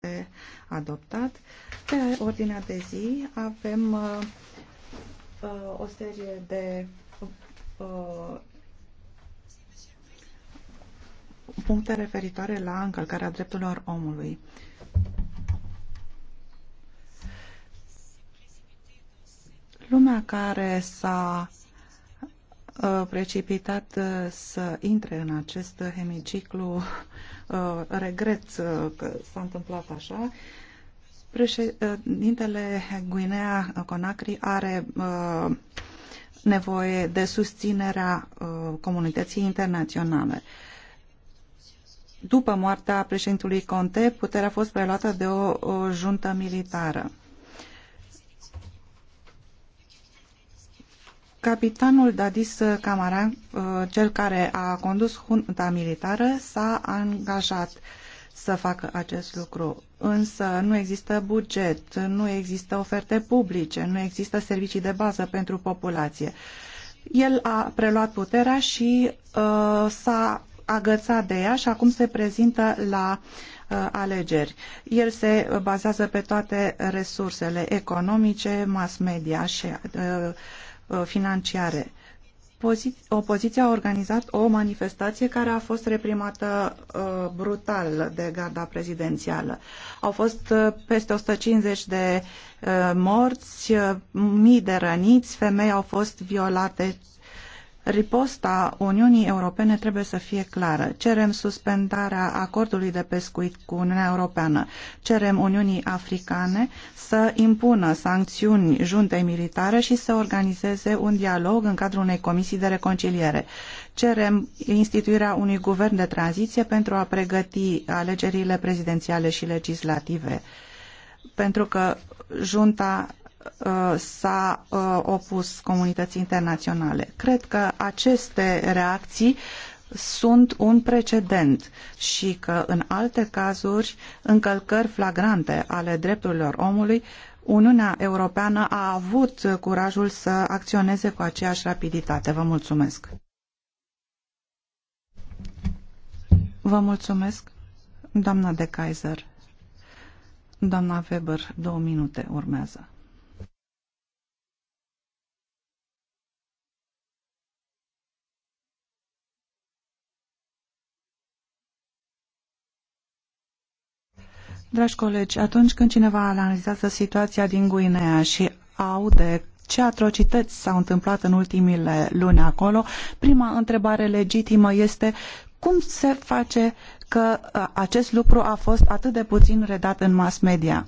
este adoptat. Pe ordinea de zi avem uh, uh, o serie de uh, puncte referitoare la încălcarea drepturilor omului. Lumea care s-a uh, precipitat uh, să intre în acest hemiciclu Uh, regret uh, că s-a întâmplat așa. Președintele Guinea Conakry are uh, nevoie de susținerea comunității internaționale. După moartea președintului Conte, puterea a fost preluată de o, o juntă militară. Capitanul Dadis Camara, uh, cel care a condus junta militară, s-a angajat să facă acest lucru. Însă nu există buget, nu există oferte publice, nu există servicii de bază pentru populație. El a preluat puterea și uh, s-a agățat de ea și acum se prezintă la uh, alegeri. El se bazează pe toate resursele economice, mass media și uh, Uh, financiare. Opoziția a organizat o manifestație care a fost reprimată uh, brutal de garda prezidențială. Au fost uh, peste 150 de uh, morți, uh, mii de răniți, femei au fost violate Riposta Uniunii Europene trebuie să fie clară. Cerem suspendarea acordului de pescuit cu Uniunea Europeană. Cerem Uniunii Africane să impună sancțiuni juntei militare și să organizeze un dialog în cadrul unei comisii de reconciliere. Cerem instituirea unui guvern de tranziție pentru a pregăti alegerile prezidențiale și legislative pentru că junta Uh, s-a uh, opus comunității internaționale. Cred că aceste reacții sunt un precedent și că în alte cazuri încălcări flagrante ale drepturilor omului Uniunea Europeană a avut curajul să acționeze cu aceeași rapiditate. Vă mulțumesc. Vă mulțumesc, doamna de Kaiser. Doamna Weber, două minute urmează. Dragi colegi, atunci când cineva analizează situația din Guinea și aude ce atrocități s-au întâmplat în ultimile luni acolo, prima întrebare legitimă este cum se face că acest lucru a fost atât de puțin redat în mass media?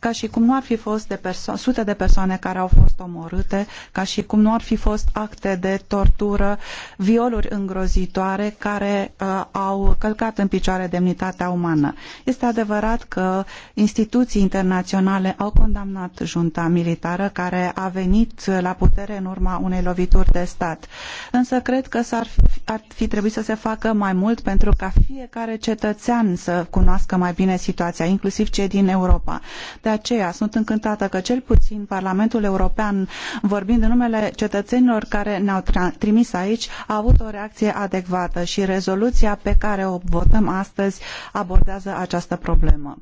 ca și cum nu ar fi fost de sute de persoane care au fost omorâte, ca și cum nu ar fi fost acte de tortură, violuri îngrozitoare care uh, au călcat în picioare demnitatea umană. Este adevărat că instituții internaționale au condamnat junta militară care a venit la putere în urma unei lovituri de stat. Însă cred că s-ar fi, ar fi trebuit să se facă mai mult pentru ca fiecare cetățean să cunoască mai bine situația, inclusiv cei din Europa. De aceea sunt încântată că cel puțin Parlamentul European, vorbind în numele cetățenilor care ne-au trimis aici, a avut o reacție adecvată și rezoluția pe care o votăm astăzi abordează această problemă.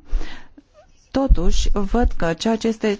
Totuși, văd că ceea ce este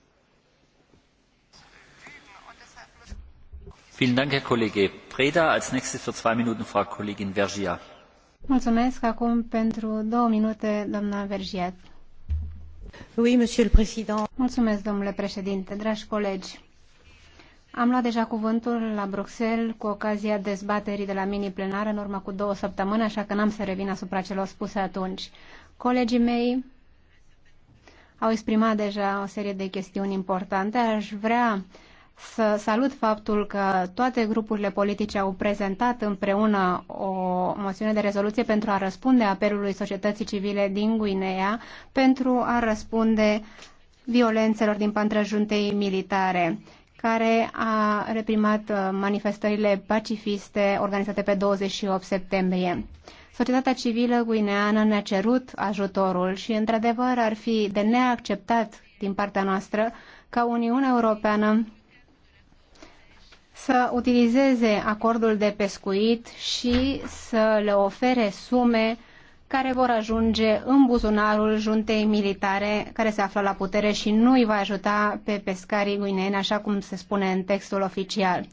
Mulțumesc acum pentru două minute, doamna Vergiat. Oui, monsieur le président. Mulțumesc, domnule președinte, dragi colegi. Am luat deja cuvântul la Bruxelles cu ocazia dezbaterii de la mini-plenară în urmă cu două săptămâni, așa că n-am să revin asupra celor spuse atunci. Colegii mei au exprimat deja o serie de chestiuni importante. Aș vrea uh, să salut faptul că toate grupurile politice au prezentat împreună o moțiune de rezoluție pentru a răspunde apelului societății civile din Guinea pentru a răspunde violențelor din pantra juntei militare care a reprimat uh, manifestările pacifiste organizate pe 28 septembrie. Societatea civilă guineană ne-a cerut ajutorul și, într-adevăr, ar fi de neacceptat din partea noastră ca Uniunea Europeană să utilizeze acordul de pescuit și să le ofere sume care vor ajunge în buzunarul juntei militare care se află la putere și nu îi va ajuta pe pescarii guineeni, așa cum se spune în textul oficial.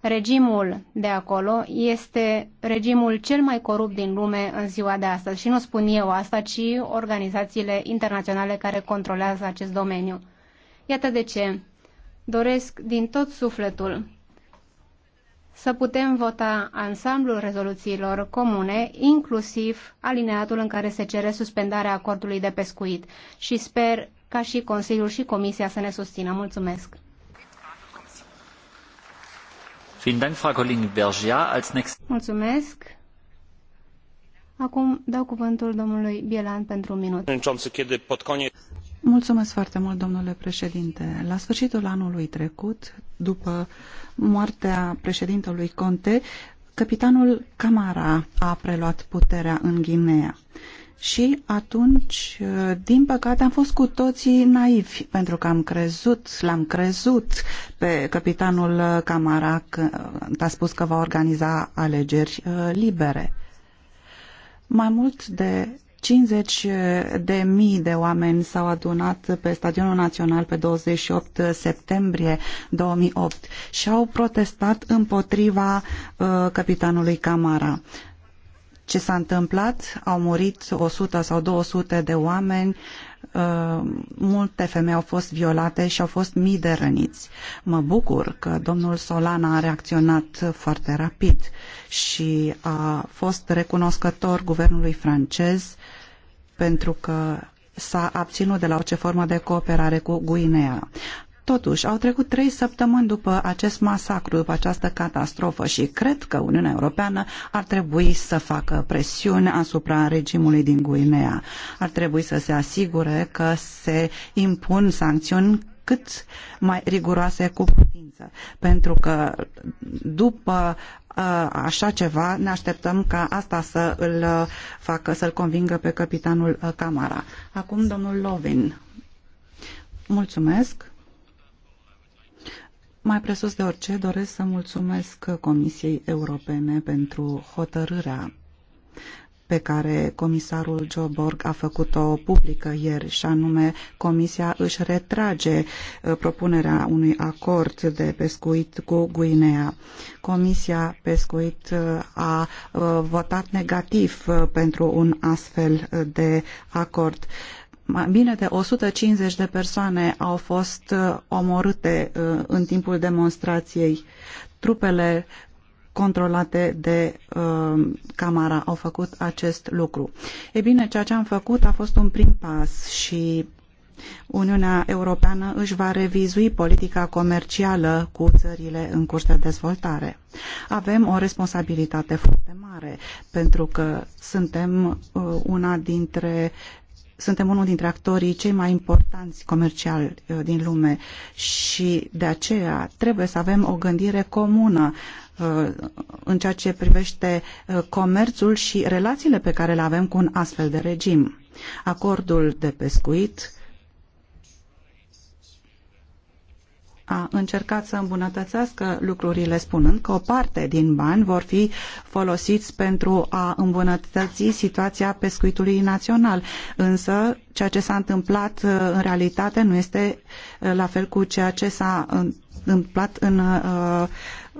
Regimul de acolo este regimul cel mai corupt din lume în ziua de astăzi și nu spun eu asta, ci organizațiile internaționale care controlează acest domeniu. Iată de ce doresc din tot sufletul să putem vota ansamblul rezoluțiilor comune, inclusiv alineatul în care se cere suspendarea acordului de pescuit. Și sper ca și Consiliul și Comisia să ne susțină. Mulțumesc! Mulțumesc! Acum dau cuvântul domnului Bielan pentru un minut. Mulțumesc foarte mult, domnule președinte. La sfârșitul anului trecut, după moartea președintelui Conte, capitanul Camara a preluat puterea în Guinea. Și atunci, din păcate, am fost cu toții naivi, pentru că am crezut, l-am crezut pe capitanul Camara că a spus că va organiza alegeri uh, libere. Mai mult de 50 de mii de oameni s-au adunat pe Stadionul Național pe 28 septembrie 2008 și au protestat împotriva uh, capitanului Camara ce s-a întâmplat, au murit 100 sau 200 de oameni, uh, multe femei au fost violate și au fost mii de răniți. Mă bucur că domnul Solana a reacționat foarte rapid și a fost recunoscător guvernului francez pentru că s-a abținut de la orice formă de cooperare cu Guinea. Totuși, au trecut trei săptămâni după acest masacru, după această catastrofă și cred că Uniunea Europeană ar trebui să facă presiune asupra regimului din Guinea. Ar trebui să se asigure că se impun sancțiuni cât mai riguroase cu putință, pentru că după uh, așa ceva, ne așteptăm ca asta să îl uh, facă, să-l convingă pe capitanul uh, Camara. Acum, domnul Lovin. Mulțumesc. Mai presus de orice, doresc să mulțumesc Comisiei Europene pentru hotărârea pe care comisarul Joe Borg a făcut-o publică ieri și anume Comisia își retrage uh, propunerea unui acord de pescuit cu Guinea. Comisia Pescuit uh, a uh, votat negativ pentru un astfel de acord. Mai bine de 150 de persoane au fost uh, omorâte uh, în timpul demonstrației. Trupele controlate de uh, Camara au făcut acest lucru. E bine, ceea ce am făcut a fost un prim pas și Uniunea Europeană își va revizui politica comercială cu țările în curs de dezvoltare. Avem o responsabilitate foarte mare pentru că suntem uh, una dintre suntem unul dintre actorii cei mai importanți comerciali uh, din lume și de aceea trebuie să avem o gândire comună uh, în ceea ce privește uh, comerțul și relațiile pe care le avem cu un astfel de regim. Acordul de pescuit a încercat să îmbunătățească lucrurile spunând că o parte din bani vor fi folosiți pentru a îmbunătăți situația pescuitului național. Însă ceea ce s-a întâmplat uh, în realitate nu este uh, la fel cu ceea ce s-a uh, întâmplat în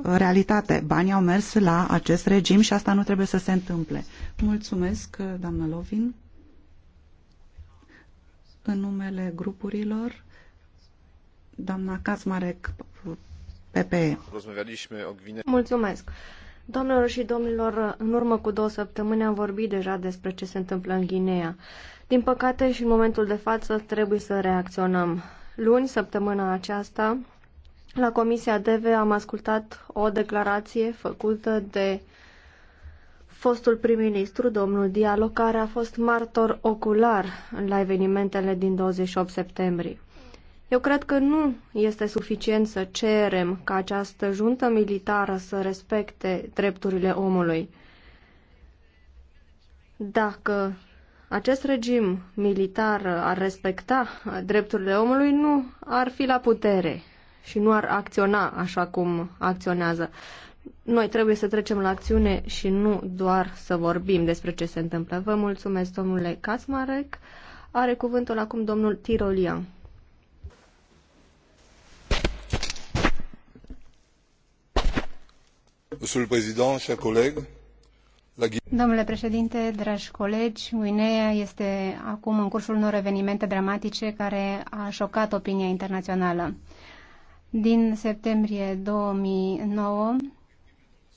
realitate. Banii au mers la acest regim și asta nu trebuie să se întâmple. Mulțumesc, doamnă Lovin. În numele grupurilor Mulțumesc. Doamnelor și domnilor, în urmă cu două săptămâni am vorbit deja despre ce se întâmplă în Guinea. Din păcate și în momentul de față trebuie să reacționăm. Luni, săptămâna aceasta, la Comisia DV am ascultat o declarație făcută de fostul prim-ministru, domnul Diallo, care a fost martor ocular la evenimentele din 28 septembrie. Eu cred că nu este suficient să cerem ca această juntă militară să respecte drepturile omului. Dacă acest regim militar ar respecta drepturile omului, nu ar fi la putere și nu ar acționa așa cum acționează. Noi trebuie să trecem la acțiune și nu doar să vorbim despre ce se întâmplă. Vă mulțumesc, domnule Casmarec. Are cuvântul acum domnul Tirolian. Domnule președinte, dragi colegi, Guineea este acum în cursul unor evenimente dramatice care a șocat opinia internațională. Din septembrie 2009,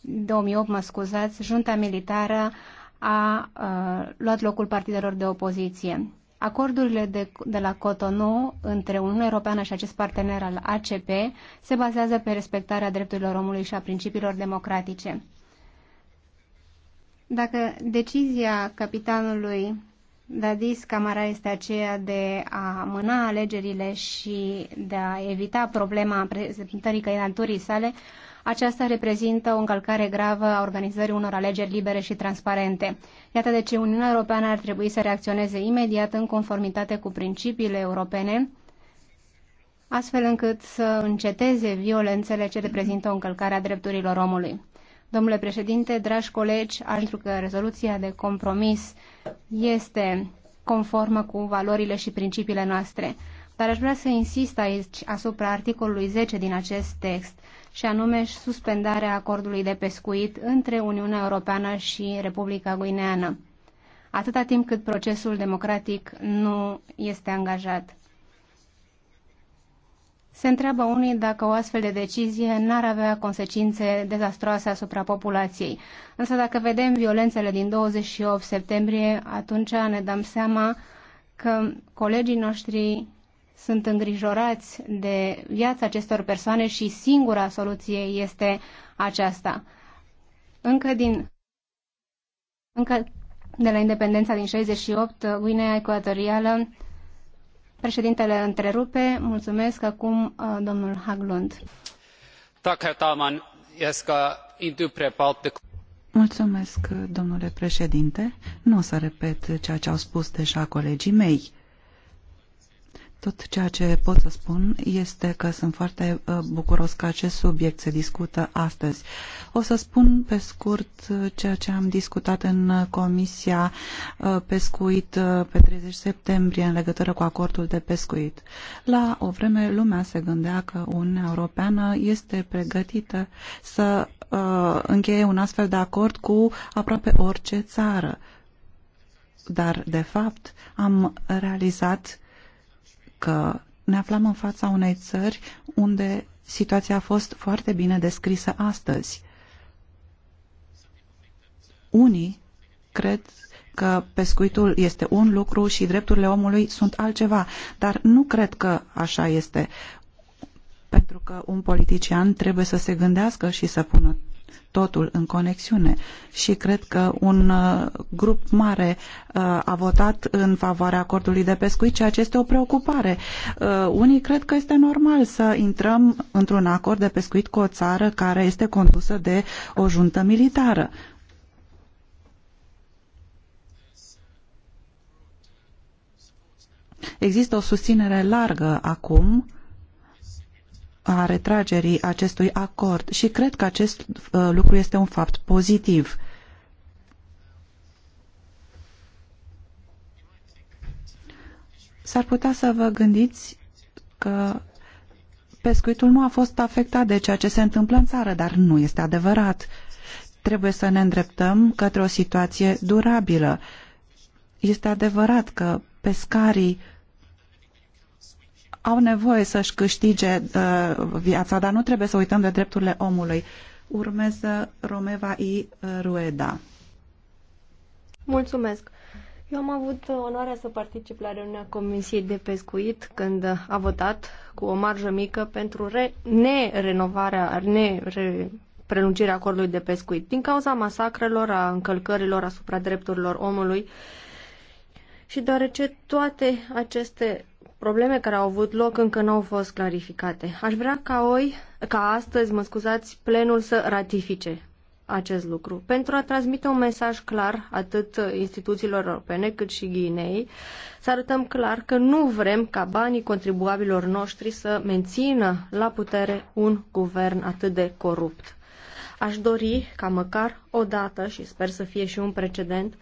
2008, mă scuzați, junta militară a, a uh, luat locul partidelor de opoziție. Acordurile de, de la Cotonou între Uniunea Europeană și acest partener al ACP se bazează pe respectarea drepturilor omului și a principiilor democratice. Dacă decizia capitanului Dadis Camara este aceea de a mâna alegerile și de a evita problema prezentării candidaturii sale, aceasta reprezintă o încălcare gravă a organizării unor alegeri libere și transparente. Iată de ce Uniunea Europeană ar trebui să reacționeze imediat în conformitate cu principiile europene, astfel încât să înceteze violențele ce reprezintă o încălcare a drepturilor omului. Domnule președinte, dragi colegi, pentru că rezoluția de compromis este conformă cu valorile și principiile noastre. Dar aș vrea să insist aici asupra articolului 10 din acest text, și anume suspendarea acordului de pescuit între Uniunea Europeană și Republica Guineană, atâta timp cât procesul democratic nu este angajat. Se întreabă unii dacă o astfel de decizie n-ar avea consecințe dezastroase asupra populației. Însă dacă vedem violențele din 28 septembrie, atunci ne dăm seama că colegii noștri sunt îngrijorați de viața acestor persoane și singura soluție este aceasta. Încă din încă de la independența din 68, Guinea Ecuatorială, președintele întrerupe. Mulțumesc acum uh, domnul Haglund. Mulțumesc, domnule președinte. Nu o să repet ceea ce au spus deja colegii mei. Tot ceea ce pot să spun este că sunt foarte uh, bucuros că acest subiect se discută astăzi. O să spun pe scurt uh, ceea ce am discutat în uh, Comisia Pescuit pe 30 septembrie în legătură cu acordul de pescuit. La o vreme lumea se gândea că Uniunea Europeană este pregătită să încheie un astfel de acord cu aproape orice țară. Dar, de fapt, am realizat că ne aflăm în fața unei țări unde situația a fost foarte bine descrisă astăzi. Unii cred că pescuitul este un lucru și drepturile omului sunt altceva, dar nu cred că așa este, pentru că un politician trebuie să se gândească și să pună totul în conexiune și cred că un uh, grup mare uh, a votat în favoarea acordului de pescuit, ceea ce este o preocupare. Uh, unii cred că este normal să intrăm într-un acord de pescuit cu o țară care este condusă de o juntă militară. Există o susținere largă acum a retragerii acestui acord și cred că acest uh, lucru este un fapt pozitiv. S-ar putea să vă gândiți că pescuitul nu a fost afectat de ceea ce se întâmplă în țară, dar nu este adevărat. Trebuie să ne îndreptăm către o situație durabilă. Este adevărat că pescarii au nevoie să-și câștige uh, viața, dar nu trebuie să uităm de drepturile omului. Urmează Romeva I. Rueda. Mulțumesc! Eu am avut onoarea să particip la reuniunea Comisiei de Pescuit când a votat cu o marjă mică pentru re- nerenovarea, ne -re prelungirea acordului de pescuit. Din cauza masacrelor, a încălcărilor asupra drepturilor omului și deoarece toate aceste probleme care au avut loc încă nu au fost clarificate. Aș vrea ca, oi, ca astăzi, mă scuzați, plenul să ratifice acest lucru pentru a transmite un mesaj clar atât instituțiilor europene cât și Ghinei, să arătăm clar că nu vrem ca banii contribuabilor noștri să mențină la putere un guvern atât de corupt. Aș dori ca măcar o dată, și sper să fie și un precedent,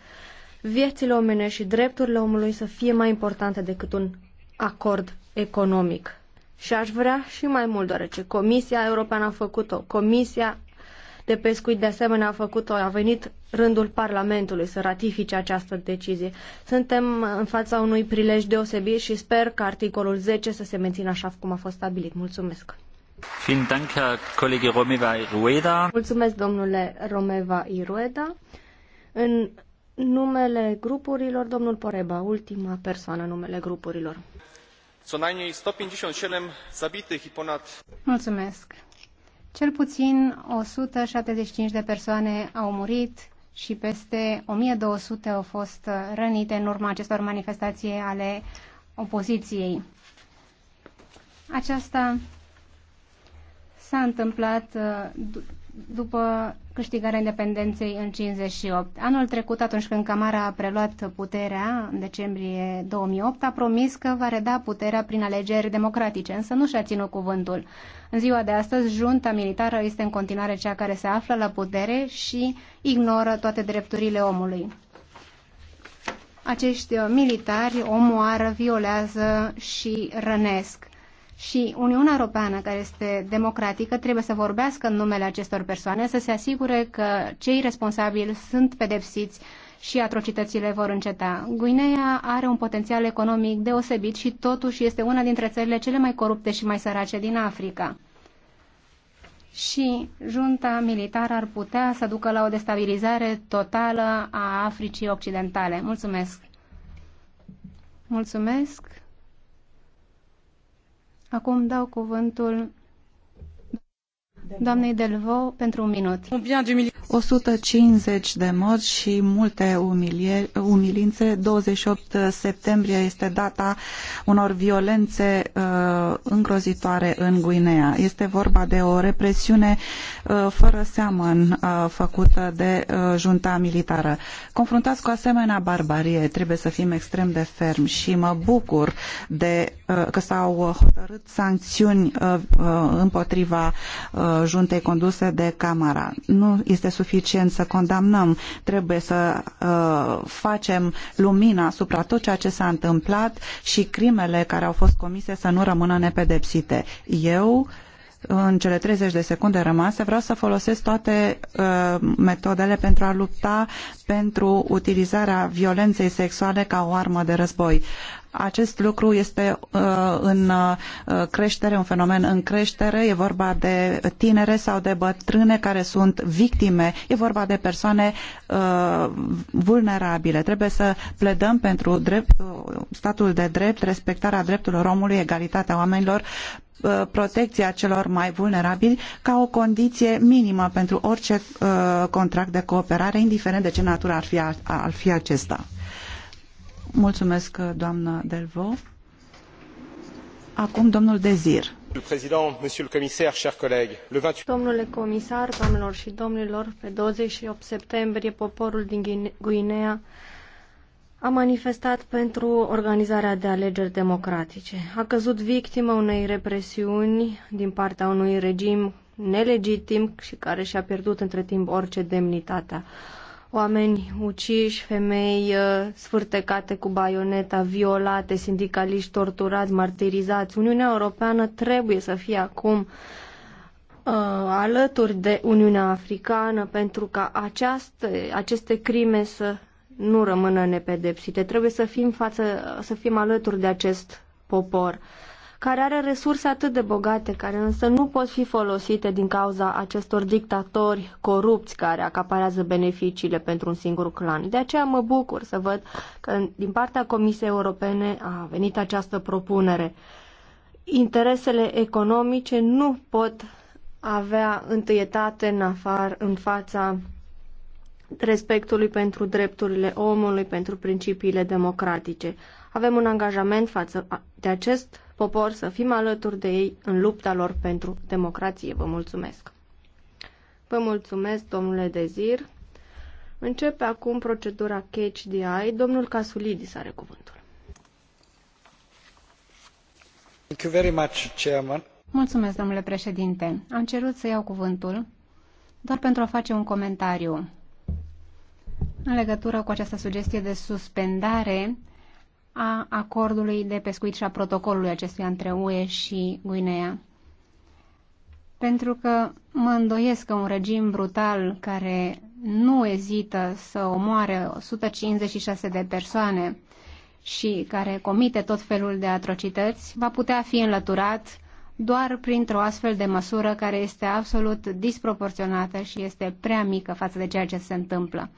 viețile omenești și drepturile omului să fie mai importante decât un acord economic. Și aș vrea și mai mult, deoarece Comisia Europeană a făcut-o, Comisia de pescuit de asemenea a făcut-o, a venit rândul Parlamentului să ratifice această decizie. Suntem în fața unui prilej deosebit și sper că articolul 10 să se mențină așa cum a fost stabilit. Mulțumesc! Mulțumesc, domnule Romeva Irueda. În numele grupurilor, domnul Poreba, ultima persoană numele grupurilor. Co najmniej 157 zabitych i ponad... Mulțumesc. Cel puțin 175 de persoane au murit și peste 1200 au fost rănite în urma acestor manifestații ale opoziției. Aceasta s-a întâmplat uh, după câștigarea independenței în 58. Anul trecut, atunci când Camara a preluat puterea, în decembrie 2008, a promis că va reda puterea prin alegeri democratice, însă nu și-a ținut cuvântul. În ziua de astăzi, junta militară este în continuare cea care se află la putere și ignoră toate drepturile omului. Acești militari omoară, violează și rănesc și Uniunea Europeană, care este democratică, trebuie să vorbească în numele acestor persoane, să se asigure că cei responsabili sunt pedepsiți și atrocitățile vor înceta. Guinea are un potențial economic deosebit și totuși este una dintre țările cele mai corupte și mai sărace din Africa. Și junta militară ar putea să ducă la o destabilizare totală a Africii Occidentale. Mulțumesc! Mulțumesc! Acum dau cuvântul doamnei Delvo pentru un minut. 150 de morți și multe umilințe. 28 septembrie este data unor violențe uh, îngrozitoare în Guinea. Este vorba de o represiune uh, fără seamăn uh, făcută de uh, junta militară. Confruntați cu asemenea barbarie, trebuie să fim extrem de fermi și mă bucur de, uh, că s-au hotărât sancțiuni uh, uh, împotriva uh, juntei conduse de Camara. Nu este suficient să condamnăm, trebuie să uh, facem lumina asupra tot ceea ce s-a întâmplat și crimele care au fost comise să nu rămână nepedepsite. Eu în cele 30 de secunde rămase, vreau să folosesc toate uh, metodele pentru a lupta pentru utilizarea violenței sexuale ca o armă de război. Acest lucru este uh, în uh, creștere, un fenomen în creștere. E vorba de tinere sau de bătrâne care sunt victime. E vorba de persoane uh, vulnerabile. Trebuie să pledăm pentru drept, statul de drept, respectarea drepturilor omului, egalitatea oamenilor, protecția celor mai vulnerabili ca o condiție minimă pentru orice contract de cooperare, indiferent de ce natură ar fi, ar fi acesta. Mulțumesc, doamnă Delvo. Acum, domnul Dezir. Domnule comisar, doamnelor și domnilor, pe 28 septembrie poporul din Guinea a manifestat pentru organizarea de alegeri democratice. A căzut victimă unei represiuni din partea unui regim nelegitim și care și-a pierdut între timp orice demnitatea. Oameni uciși, femei uh, sfârtecate cu baioneta, violate, sindicaliști torturați, martirizați. Uniunea Europeană trebuie să fie acum uh, alături de Uniunea Africană pentru ca aceaste, aceste crime să nu rămână nepedepsite. Trebuie să fim, față, să fim alături de acest popor care are resurse atât de bogate, care însă nu pot fi folosite din cauza acestor dictatori corupți care acaparează beneficiile pentru un singur clan. De aceea mă bucur să văd că din partea Comisiei Europene a venit această propunere. Interesele economice nu pot avea întâietate în, afar, în fața respectului pentru drepturile omului, pentru principiile democratice. Avem un angajament față de acest popor să fim alături de ei în lupta lor pentru democrație. Vă mulțumesc! Vă mulțumesc, domnule Dezir. Începe acum procedura Catch Domnul Casulidis are cuvântul. Thank you very much, Chairman. Mulțumesc, domnule președinte. Am cerut să iau cuvântul doar pentru a face un comentariu în legătură cu această sugestie de suspendare a acordului de pescuit și a protocolului acestuia între UE și Guinea. Pentru că mă îndoiesc că un regim brutal care nu ezită să omoare 156 de persoane și care comite tot felul de atrocități va putea fi înlăturat doar printr-o astfel de măsură care este absolut disproporționată și este prea mică față de ceea ce se întâmplă.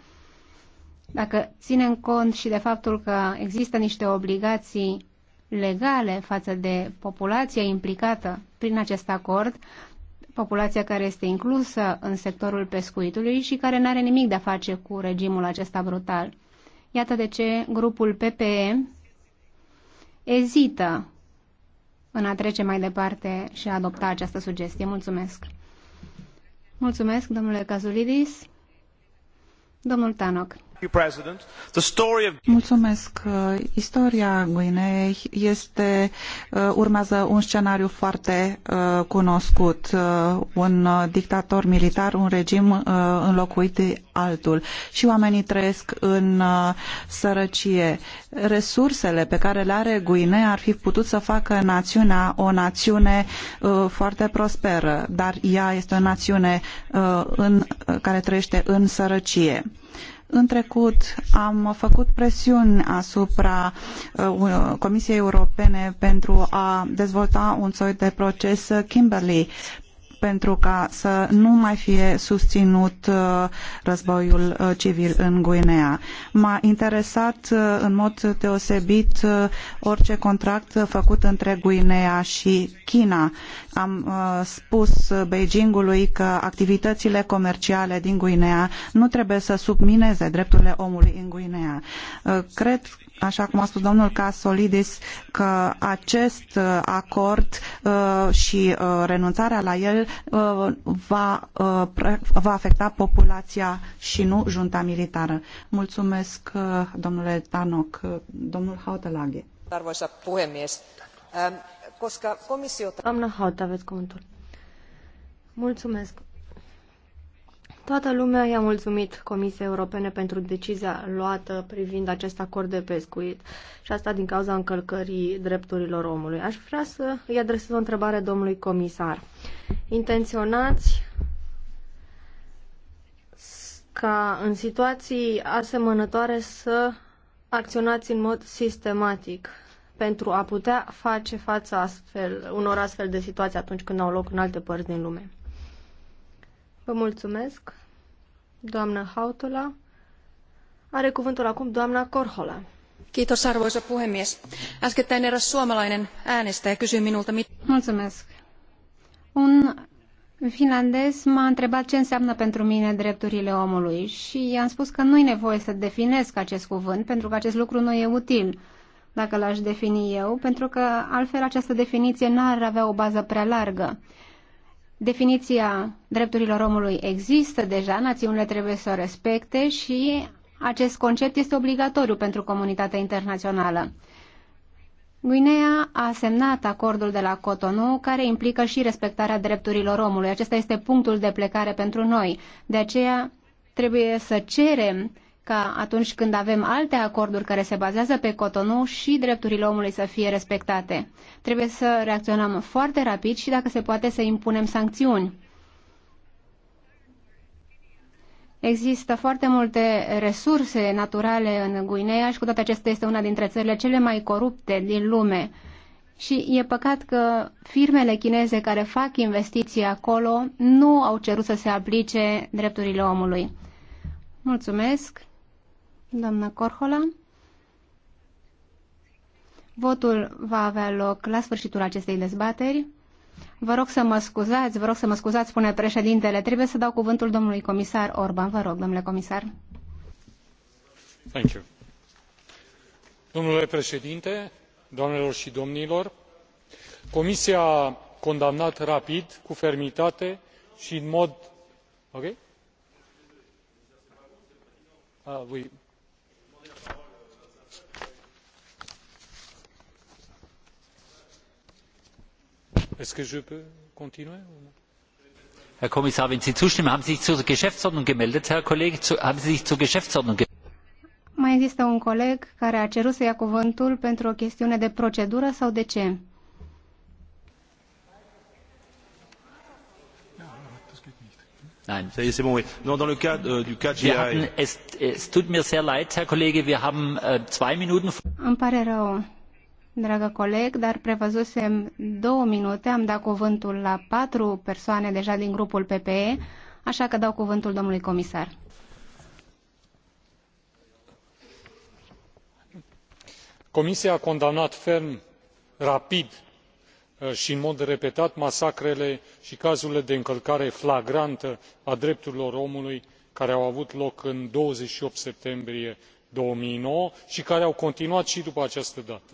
Dacă ținem cont și de faptul că există niște obligații legale față de populația implicată prin acest acord, populația care este inclusă în sectorul pescuitului și care nu are nimic de a face cu regimul acesta brutal. Iată de ce grupul PPE ezită în a trece mai departe și a adopta această sugestie. Mulțumesc! Mulțumesc, domnule Cazulidis. Domnul Tanoc. Mulțumesc. Istoria Guineei este, uh, urmează un scenariu foarte uh, cunoscut. Uh, un dictator militar, un regim înlocuit de altul. Și oamenii trăiesc în sărăcie. Resursele pe care le are Guinea ar fi putut să facă națiunea o națiune foarte prosperă, dar ea este o națiune în, care trăiește în sărăcie. În trecut am făcut presiuni asupra uh, Comisiei Europene pentru a dezvolta un soi de proces Kimberley pentru ca să nu mai fie susținut uh, războiul uh, civil în Guinea. M-a interesat uh, în mod deosebit orice contract făcut între Guinea și China. Am spus Beijingului că activitățile comerciale din Guinea nu trebuie să submineze drepturile omului în Guinea. Cred așa cum a spus domnul Casolidis, că acest uh, acord uh, și uh, renunțarea la el va, va afecta populația și nu junta militară. Mulțumesc, domnule Tanoc. Domnul Hautelaghe. Arvoisa puhemies, koska um, komissio... Doamna Haut, aveți cuvântul. Mulțumesc. Toată lumea i-a mulțumit Comisiei Europene pentru decizia luată privind acest acord de pescuit și asta din cauza încălcării drepturilor omului. Aș vrea să îi adresez o întrebare domnului comisar. Intenționați ca în situații asemănătoare să acționați în mod sistematic pentru a putea face față astfel, unor astfel de situații atunci când au loc în alte părți din lume. Vă mulțumesc, doamna Hautola. Are cuvântul acum doamna Korhola. Kiitos, arvoisa puhemies. Äskettäin eräs suomalainen äänestäjä kysyi minulta... Mit... Mulțumesc. Un finlandez m-a întrebat ce înseamnă pentru mine drepturile omului și i-am spus că nu-i nevoie să definesc acest cuvânt pentru că acest lucru nu e util dacă l-aș defini eu, pentru că altfel această definiție n-ar avea o bază prea largă. Definiția drepturilor omului există deja, națiunile trebuie să o respecte și acest concept este obligatoriu pentru comunitatea internațională. Guinea a semnat acordul de la Cotonou, care implică și respectarea drepturilor omului. Acesta este punctul de plecare pentru noi. De aceea trebuie să cerem ca atunci când avem alte acorduri care se bazează pe Cotonou și drepturile omului să fie respectate. Trebuie să reacționăm foarte rapid și dacă se poate să impunem sancțiuni. Există foarte multe resurse naturale în Guinea și cu toate acestea este una dintre țările cele mai corupte din lume. Și e păcat că firmele chineze care fac investiții acolo nu au cerut să se aplice drepturile omului. Mulțumesc. Doamna Corhola. Votul va avea loc la sfârșitul acestei dezbateri. Vă rog să mă scuzați, vă rog să mă scuzați, spune președintele. Trebuie să dau cuvântul domnului comisar Orban. Vă rog, domnule comisar. Thank you. Domnule președinte, doamnelor și domnilor, Comisia a condamnat rapid, cu fermitate și în mod... ok? Ah, oui herr kommissar wenn sie zustimmen haben sie sich zur geschäftsordnung gemeldet? herr kollege haben sie sich zur geschäftsordnung gemeldet? mai există un coleg care a cerut să ia cuvântul pentru o chestiune de procedură sau de ce? Euh, îmi pare rău dragă coleg, dar prevăzusem două minute, am dat cuvântul la patru persoane deja din grupul PPE, așa că dau cuvântul domnului comisar. Comisia a condamnat ferm, rapid uh, și în mod repetat masacrele și cazurile de încălcare flagrantă a drepturilor omului care au avut loc în douăzeci și opt septembrie două mii nouă i care au continuat i după această dată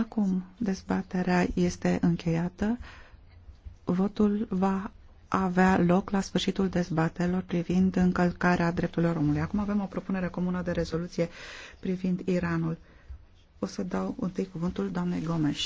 Acum dezbaterea este încheiată. Votul va avea loc la sfârșitul dezbatelor privind încălcarea drepturilor omului. Acum avem o propunere comună de rezoluție privind Iranul. O să dau întâi cuvântul doamnei Gomes.